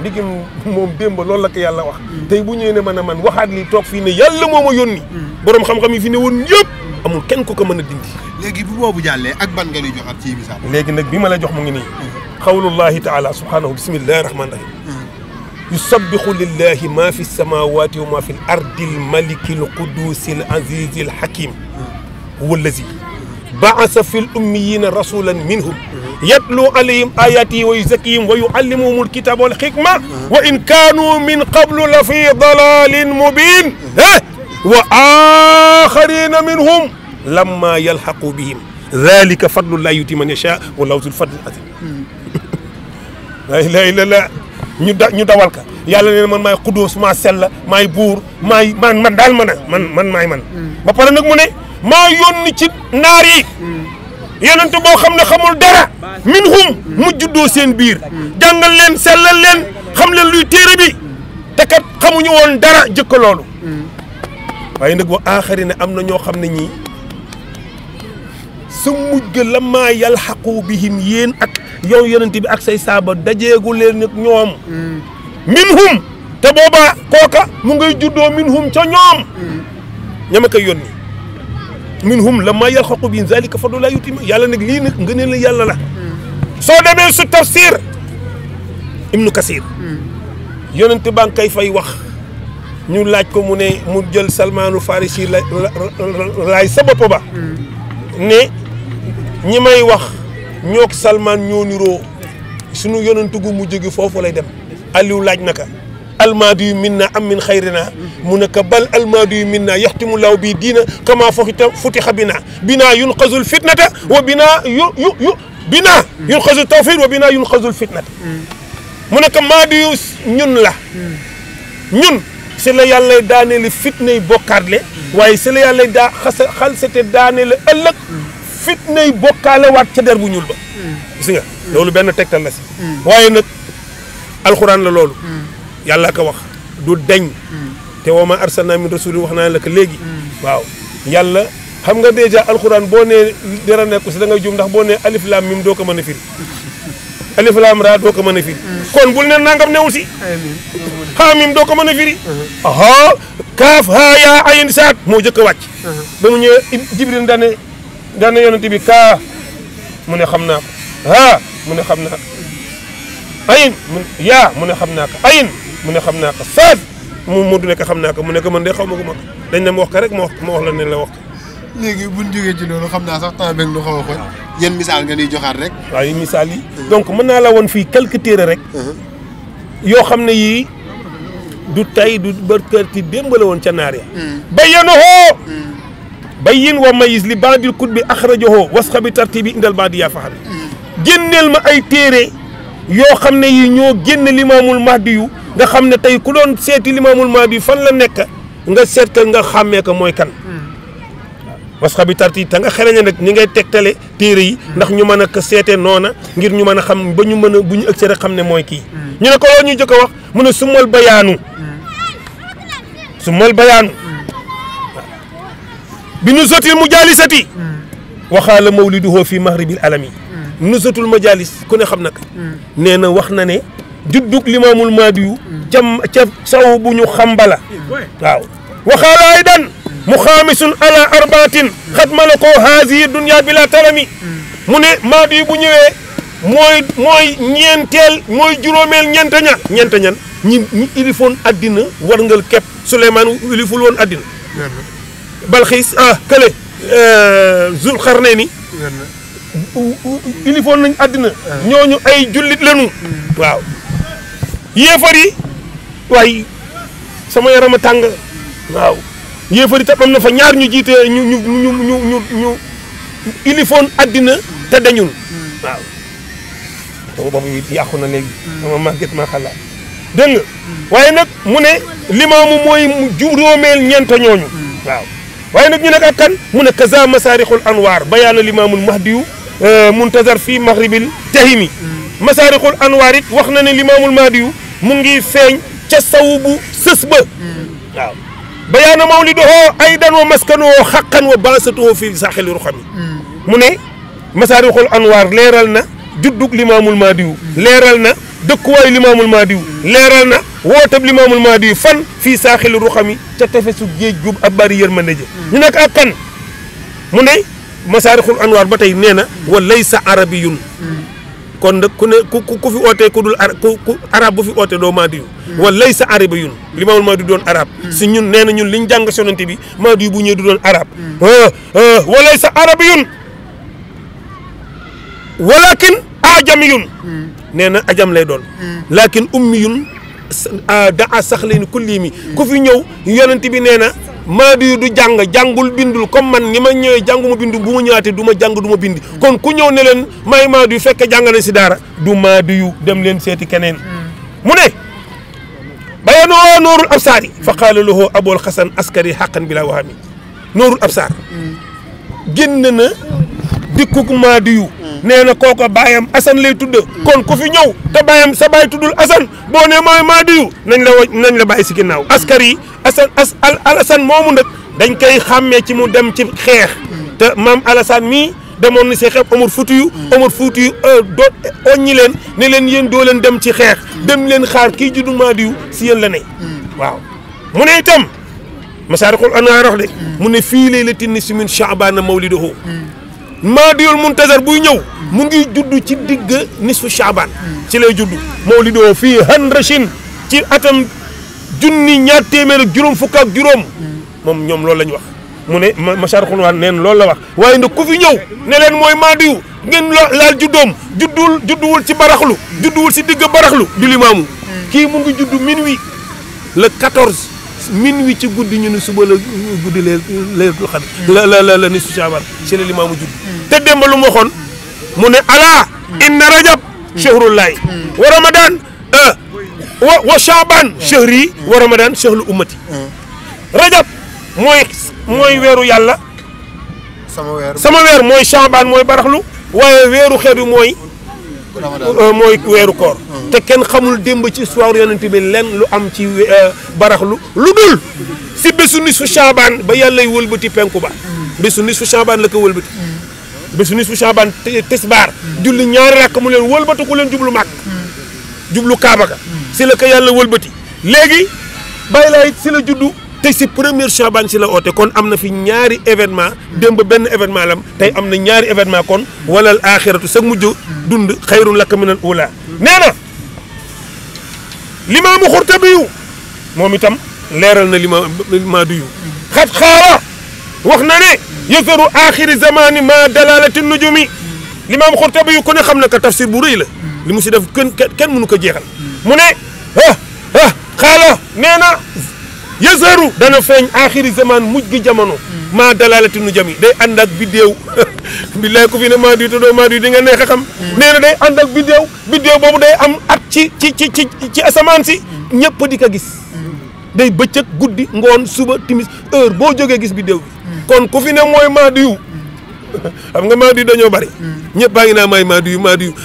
ndigim moom démb lool la ko yàlla wax tey bu ñëwee ne man a man waxaat li toog fii ne yàlla moo ma yónni boroom xam-xam yi fi ne woon yëpp amul kenn ku ko mën a dindi léegi bu boobu jàllee ak ban nga ñuy joxaat ci misaal léegi nag bii ma la jox mu ngi nii xawlullahi taala subhaanahu bismillahi rahmaani rahim يسبح لله ما في السماوات وما في الأرض الملك القدوس العزيز الحكيم هو الذي بعث في الأميين رسولا منهم يتلو عليهم آياته ويزكيهم ويعلمهم الكتاب والحكمة وإن كانوا من قبل لفي ضلال مبين وآخرين منهم لما يلحقوا بهم ذلك فضل الله يؤتي من يشاء والله ذو الفضل العظيم لا إله إلا الله ñu da ñu dawal ka yàlla nee na man maay xuddoos maa sell maay buur maay man man daal mën man man maay man mm. ba pare nag mu ne maa yónni ci naar yi mm. yonent boo xam ne xamul dara min hum mm. mu juddoo seen biir jàngal leen sellal leen xam leen luy téere bi te kat xamuñu woon dara jëkka loolu waaye nag wa aaxari ne am na ñoo xam ne ñii sa mujj ga la maa yalxaqu bihim yéen ak yow yonent bi ak say saaba dajeegu leen nag ñoom min hum te boobaa kooka mu ngay juddoo min hum ca ñoom ñama koy yónni min hum la maa yal xaqu bin zalika fadu laa yutima yàlla nag lii nag ngëneel la yàlla la soo demee su tafsir ibnu kasir yonent baa ngi koy fay wax ñu laaj ko mu ne mu jël salmaanu farisi laay sa bopp ba ne ñi may wax ñok Salman ñoo niroo sunu yonentu gu mu gi fofu lay dem Aliou laaj naka almadu minna am min khairina munaka bal almadu minna yahtimu law bi diina kama fukhita futixa binaa bina yunqazu alfitnata wa bina yu yu yu binaa yun tawfiid wa bina yunqazu alfitnata munaka madu ñun la ñun ci la yàlla daane li fitnay bokkar le waye ci la yàlla da xal xalsate daane le ëllëg fitnay bokkaale waat ca der bu ñuul ba. gis loolu benn tegtal la si. waaye nag alxuraan la loolu. yàlla ko wax du deñ. te woo ma arsalna min rasuli wax naa la ko léegi. waaw yàlla xam nga dèjà alxuraan boo nee dara nekku si da ngay jum ndax boo nee alif laam mim doo ko mën a firi. alif laam raa doo ko mën a firi. kon bul ne nangam newu si. xaa mim doo ko mën a firi. aha kaaf haa yaa ayin saat moo jëkk a wàcc. ba mu ñëwee Jibril dane dana yonent bi kaa mu ne xam naa ko haa mu ne xam naa ko ayin mu yaa mu ne xam naa ko ayin mu ne xam naa ko saad mu mu dule ko xam naa ko mu ne mën de xaw ma ko ma dañ ne ma wax ko rek ma wax ma wax la ne la léegi bu ñu jógee ci xam naa sax temps beeg nu xaw a xool yan misaal nga ñuy joxaat rek. waaw yi misaal yi. donc mën naa la woon fii quelques téere rek. Uh-huh. yoo xam ne yii du tay du bërkër ti démb la woon ca naar ya. ba yéen a bayyin wa mayis li baadil kut bi axrajahu wasxa bi tartibi indal baadiya faxal génneel ma ay téere yoo xam ne yi ñoo génn limaamul mahdi yu nga xam ne tey ku doon seeti limaamul mahdi yu nga seet nga xàmmee ko mooy kan wasxa bi tartibi te nga xereñe nag ni ngay tegtale téere yi ndax ñu mën ko seete noona ngir ñu mën xam ba ñu mën a bu rek xam ne mooy ñu ne ko ñu jëkk wax mu sumal bayaanu sumal bayaanu بنزهة المجالسة وخال مولده في مغرب العالمي نزهة المجالس كنا خمناك نينا وخنا ني جدوك الإمام الماديو جم جف سو بنيو خمبلا واو وخال أيضا مخامس على أربعة قد ملكوا هذه الدنيا بلا تلمي من ماديو بنيو موي موي ñeenteel موي جروميل ñeente ña ñeente ñan ñi ñi ilifoon addina warngal képp Souleymane iliful Balxiis ah Kële eh, Zul Xarnayni uniforme nañ àddina ñooñu ay jullit lañu waaw yéefar yi waaye sama yaram a tàng waaw yéefar yi tam am na fa ñaar ñu jiite ñu ñu ñu ñu ñu ñu uniforme àddina te dañul waaw sama bopp yi yàqu na léegi sama màgget ma xalaat dégg nga mm. waaye nag mu ne limaamu mooy juróomeel ñeent ñooñu mm. waaw waaye nag ñu nekk ak kan mu ne kaza masaarixul anwaar bayaana limaamul mahdiyu muntazar fii mahribil tahimi masaarixul anwaar it wax na ne limaamul mahdiyu mu ngi feeñ ca saw bu sës ba waaw bayaana mawlidohoo aydan wa maskanoo xaqan wa baasatoo fii saaxili ruxami mu ne masaarixul anwaar leeral na juddug limaamul mahdiyu leeral na dëkkuwaayu limaamul mahdiyu leeral na wootab limaamul maadi yu fan fii saaxilu ruxami ca tefesu géej gu ab bari yërmande ji mm. ñu nekk ak kan mu ne masaarixul anwaar ba tey nee na wa laysa arabiyun mm. kon nag ku ne ku ku fi ootee ku dul ara ku ku arab bu fi ootee doo maadi yu mm. wa laysa arabiyun limaamul maadi doon arab si ñun nee na ñun liñ jàng sonante bi maadi yu bu ñëwee du doon arab ah, ah, wa laysa arabiyun walakin ajamiyun nee na ajam lay doon lakin ummiyun daa sax leen kulli mi ku fi ñëw yonent bi nee na maadu du jàng jàngul bindul comme man ni ma ñëwee jàngu ma bindu bu ma ñëwaatee du ma jàng du ma bind kon ku ñëw ne leen may maadu yu fekk jàng si daara du maadu yu dem leen seeti keneen mu ne bayanoo noorul absaar yi fa qaala lahu abool xasan askari xaqan bi laa waxaami noorul absaar na dikkuk maadiyu nee na kooko baayam asan lay tudd kon ku fi ñëw te baayam sa baay tuddul asan boo ne mooy maadiyu nañ la wa nañ la bàyyi si ginnaaw askar yi asan as al moomu nag dañ koy xàmmee ci mu dem ci xeex te maam Alassane mii demoon na si xeex Omar Foutiyou Omar Foutiyou euh, do oññi leen ne leen yéen doo leen dem ci xeex dem leen xaar kii juddu maadiyu si yéen la ne waaw mu ne itam masaarixul anaa rox de mu ne fii lay la tinni si min chaabana mawlidahu madiul muntazar buy ñew mu ngi judd ci digg nisfu shaaban ci lay judd mawlidoo fi hanrashin ci atam junni ñaar témer ak juroom fuk ak juroom mom ñom loolu lañ wax mu ne machar wan neen loolu la wax waye ndu ku fi ñew ne len moy madiu ngeen laal juddom juddul judduwul ci baraxlu judduwul ci digg baraxlu du limamu ki mu ngi judd minuit le 14 min wi ci guddi ñu ne suba la guddi lee la la la ni su caaban ci la limaamu judd te démb lu mu waxoon mu ne alaa inna rajab shahrullahi wa ramadan euh, wa wa shaaban shahri wa ramadan shahru ummati rajab mooy mooy weeru yàlla sama weer mooy shaaban mooy baraxlu waaye weeru xeer wi mooy Euh, mooy weeru koor te kenn xamul démb ci histoire yonent bi lenn lu am ci euh, baraxlu lu lu dul si bésu ni su caabaan ba yàllay wëlbati penku ba bésu ni su caabaan la ko wëlbati bésu ni su caabaan tisbaar julli ñaari rakk mu leen wëlbati ku leen jublu màkk jublu kaaba ga si la ko yàlla wëlbati léegi bàyyi si la juddu tey ci premier Chaban ci la oté kon amna fi ñaari événement démb ben événement lam tay amna ñaari événement kon walal akhiratu sa mujj dund xayrun lak min ula nee limam khurtabi xurtabiyu moom itam leeral na lima ma duyu khat khara wax na ne yëfaru akhir zaman ma dalalati nujumi limaam xurtabiyu ku ne xamna ka tafsir bu reuy la limu ci def ken ken munu ko jexal muné ha ha khala xaala yësëru dana feeñ aaxiri zamaan mujj gi jamono maa dalalati nu jami day ànd ak biddéew billaay ku fi ne maa duy te doo maa duy nga neex a xam nee na day ànd ak biddéew biddéew boobu day am ak ci ci ci ci ci asamaan si ñëpp di ko gis day bëccëg guddi ngoon suba timis heure boo jogee gis biddéew bi kon ku mooy maa duyu xam nga maa duy dañoo bari mm. ñëpp baa ngi naa may maa duyu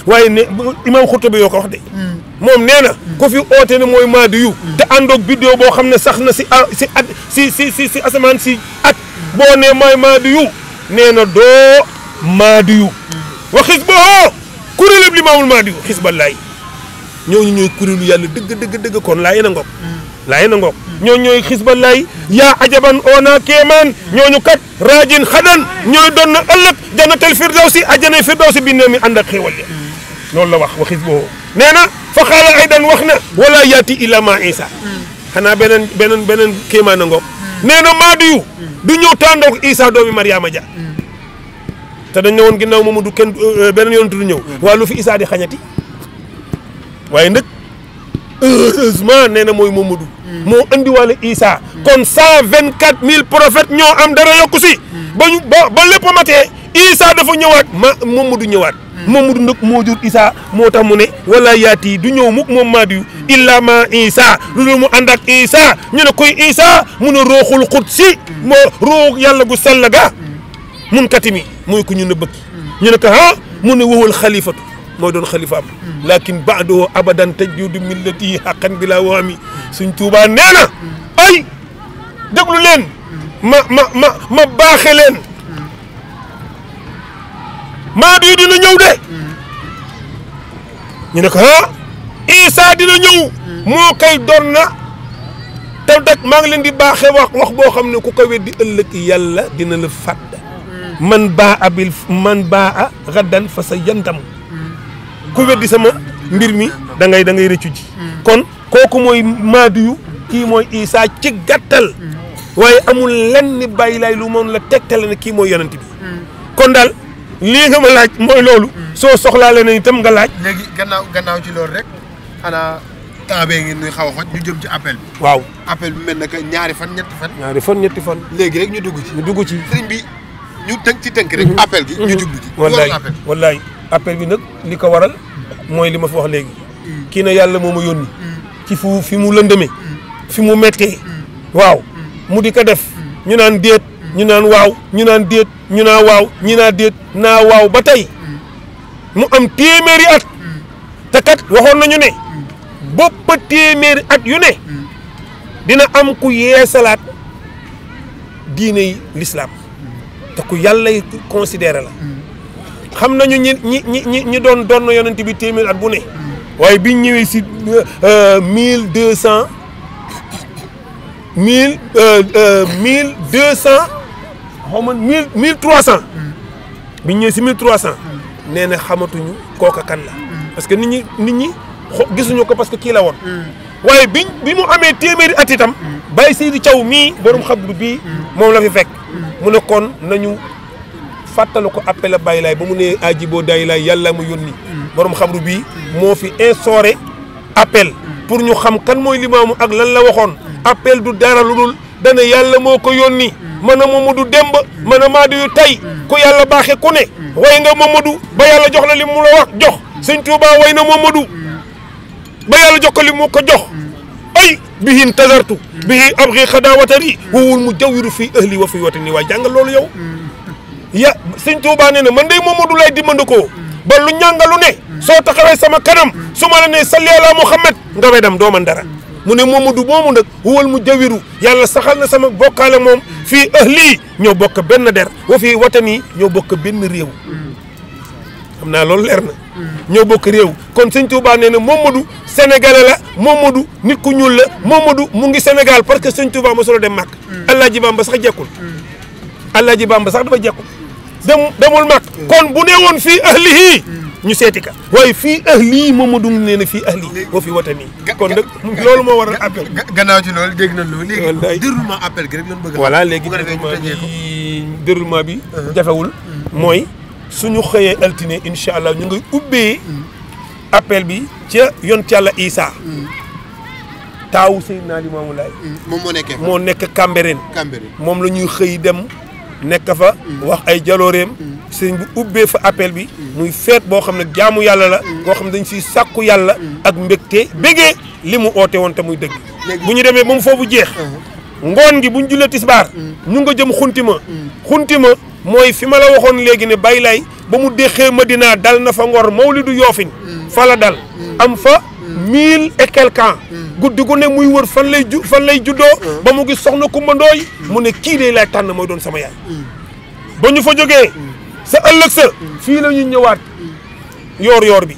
waaye ne imaam xurta bi yoo wax de mm. moom nee na ku fi oote ne mooy maadi yu te àndoog vidéo boo xam ne sax na si si at si si si asamaan si at boo ne mooy maadi yu nee na doo maadi yu wa xisboo kuréelub li maamul maadi yu ñooñu ñooy kuréelu yàlla dëgg dëgg dëgg kon laa yéen a ngoog laa yéen a ngoog ñooñu ñooy xisballaay yaa ajaban oona kéemaan ñooñu kat raajin xadan ñooy doon na ëllëg jannatal firdawsi ajjanay firdawsi bi si mi ànd ak xéewal ya loolu la wax waxis boo nee na fa xaala aydan wax na wala yaati illa ma isa xanaa beneen beneen beneen kéemaa na ngoog nee na maadiyu du ñëw tàndoog isa doomi mariama ja te dañ ne woon ginnaaw moomu du kenn euh, beneen yoon du ñëw mm. waa lu fi isa di xañati waaye nag heureusement nee na mooy Momadou. Mm. moo indi andiwaale Isa. Mm. kon cent vingt quatre mille prophètes ñoo am dara yokku si. ba ñu ba ba lépp matee Issa dafa ñëwaat ma Mamadou ñëwaat hmm. Mamadou nag moo jur Issa moo tax mu ne wala yaati du ñëw mukk moom Mamadou hmm. illa ma Issa lu dul mu ànd ak ñu ne koy Issa mu ne rooxul xut si hmm. moo roox yàlla gu sell ga mun katimi mooy ku ñu ne bëgg ñu ne ko ah mu ne wowal xalifatu mooy doon xalifaam lakin baadoo abadan tajudu millati xaqan bila waami suñ tuubaa nee na ay déglu leen ma ma ma ma baaxe leen maa bii dina ñëw de ñu ne ko ah Isa dina ñëw moo koy doon na te nag maa ngi leen di baaxee wax wax boo xam ne ku ko weddi ëllëg yàlla dina la fàdd man baa abil man baa a raddan fa yantam ku weddi sama mbir mi dangay dangay da rëccu ji kon kooku mooy maadiyu kii mooy Isa ci gàttal mm. waaye amul ni bàyyi laay lu moom la tegtale ne kii mooy yonent bi mm. lii nga ma laaj mooy loolu. Hmm. soo soxlaa la ne itam nga laaj. léegi gannaaw gannaaw ci loolu rek xanaa temps bee ngeen ñuy xaw a xoj ñu jëm ci appel bi. waaw appel bi mel na ñaari fan ñetti ñaari fan ñetti fan. léegi rek ñu dugg ci. ñu dugg ci bi ñu tënk ci tënk rek. Mhm. appel gi ñu mhm. jublu ci. wallaay wallaay appel bi nag li ko waral mooy li ma fi wax léegi. Hmm. kii na yàlla moo ma yónni. Hmm. ci fu fi mu lëndëmee. fi mu méttee. waaw mu di ko def. ñu naan déet. ñu naan waaw ñu naan déet ñu naa waaw ñu naa déet naa waaw ba tey mu am téeméeri at te waxoon nañu ne boppa téeméeri at yu ne dina am ku yeesalaat diine yi lislaam te ku yàlla yi considéré la xam nañu ñi ñi ñi ñi doon doon yonent bi téeméeri at bu ne waaye bi ñëwee si euh, mille deux cent mille euh, euh, mille xaw ma mille mille trois cent. Mm. bi ñu ñëwee si mille trois cent. Mm. nee na xamatuñu kooka kan la. Mm. parce que nit ñi nit ñi xo gisuñu ko parce que kii la woon. waaye bi bi mu amee téeméeri at itam. bàyyi Seydi caw mii borom xabru bii. moom la fi fekk. mu ne nañu fàttali ko appel a bàyyi ba mu ne ajiboo dayi laay yàlla mu yónni. borom xabru bii moo fi instauré appel. pour ñu xam kan mooy limaamu ak lan la waxoon. appel du dara lu dana yàlla moo ko yónni. mën a Mamadou Demba mën a Maadi yu tey ku yàlla baaxe ku ne way nga Mamadou ba yàlla jox la li mu la wax jox sëñ Tuubaa way na Mamadou ba yàlla jox ko li mu ko jox ay bihin tazartu bihi abgi xadaawatari wowul mu jawiru fii ahli wa fii watani waaye jàngal loolu yow ya sëñ Tuubaa nee na man day Mamadou lay dimbandikoo ba lu ñàngalu ne soo taxawee sama kanam su ma la ne salli ala Muhammad nga wedam doo dara mu ne Momadou moomu nag huwal mu jawiru yàlla saxal na sama bokkaale moom fii ahli ñoo bokk benn der wa fii watani ñoo bokk benn réew. xam naa loolu leer na. ñoo bokk réew kon sëñ Touba nee na Momadou sénégalais la Momadou nit ku ñuul la moom Momadou mu ngi Sénégal parce que sëñ Touba mosuloo dem màkk. Alaaji Bamba sax jekkul. Alaaji Bamba sax dafa jekkul. dem demul màkk. kon bu ne woon fii ñu seeti ka waaye fii ahli Mamadou nee na fii ahli wa fi watani kon nag loolu moo waral appel gannaaw ci loolu dégg nañ loolu léegi déroulement appel gi rek lañ bëgg voilà léegi déroulement bi uh-huh. jafewul uh-huh. mooy suñu xëyee altine incha allah ñu ngi ubbee uh-huh. appel bi ca yont yàlla Isaa taawu Seydina Limaamu Laay moom moo nekkee moo nekk Cambérène Cambérène moom la ñuy xëy dem nekk fa wax ay jalooreem sëriñ bi ubbee fa appel bi muy feet boo xam ne jaamu yàlla la boo xam ne dañ siy sàkku yàlla ak mbégte bégee li mu oote woon te muy dëgg bu ñu demee ba foofu jeex uh-huh. ngoon gi bu ñu jullee tisbaar mm. ñu nga jëm xuntima mm. xuntima mooy fi ma la waxoon léegi ne bay lay ba mu ma Madina dal na fa ngor du yoofin mm. fa la dal am fa mille et quelque guddi gu ne muy wër fan lay ju fan lay juddoo uh-huh. ba mu gis soxna Kumba Ndooy mu ne kii de laay tànn mooy doon sama yaay sa ëllëg sa fii la ñëwaat yoor yoor bi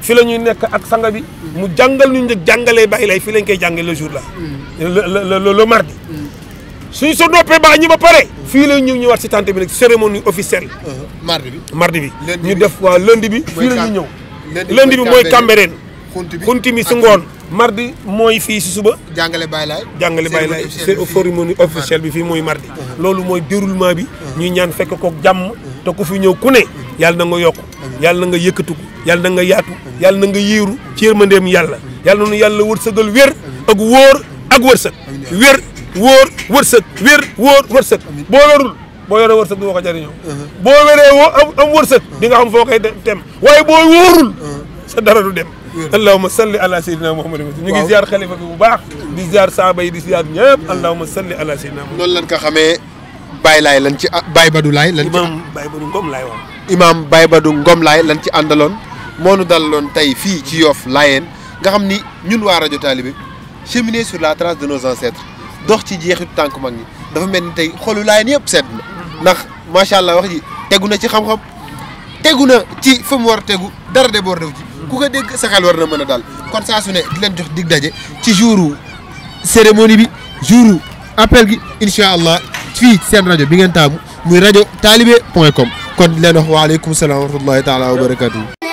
fi la ñuy nekk ak sanga bi mu jàngal ñu njëkk jàngalee bàyyi lay fii lañ koy jàngale le jour là le le mardi suñ sa noppee baa ñi ba pare fii la ñu ñëwaat si tante bi nag cérémonie officielle uh-huh. mardi bi mardi bi ñu def waaw lundi bi fii ñu ñëw lënd bi mooy Cambérène xunti mi si ngoon mardi mooy fii si suba. jàngale Baye Laye. jàngale Baye Laye c'est cérémonie officielle bi fii mooy mardi. Uh-huh. loolu mooy déroulement bi. Uh-huh. ñuy ñaan fekk ko jàmm. Uh-huh. te ku fi ñëw ku ne. yàlla na nga yokk. yàlla na nga yëkkatu yàlla na nga yaatu. yàlla na nga yéeru ci yërmandeem yàlla. yàlla nu yàlla wërsëgal wér. ak wóor ak wërsëg. wér wóor wërsëg. wér wóor wërsëg. boo lorul boo yoree wërsëg du ko jariñoo. boo wéree woo am am wërsëg. di nga xam foo koy dem waaye boo wóorul sa dara du dem allahuma salli ala sayyidina muhammadin ñu ngi ziar xalifa bi bu baax di ziar saaba yi di ziar ñëpp allahuma salli ala sayyidina muhammadin loolu lan ko xamee Baye Laay lan ci Baye Badou Laay lan ci imaam Baye Badou Ngom Laay wax imaam Baye Badou Ngom Laay lan ci àndaloon moo nu dalaloon tey fii ci Yoff Laayeen nga xam ni ñun waa rajo Talibé cheminer sur la trace de nos ancêtres dox ci jeexit tànk mag ñi dafa mel ni tey xolu Laayeen yëpp sedd na ndax macha allah wax ji tegu na ci xam tegu na ci fa mu war a tegu dara de ci ku ko dégg sa xel war na mën a dal kon saa su ne di leen jox dig daje ci jouru cérémonie bi jouru appel gi incha allah fii seen rajo bi ngeen taamu muy rajo taalibe point com kon di leen wax waaleykum salaam wa rahmatullahi taala wa barakatuh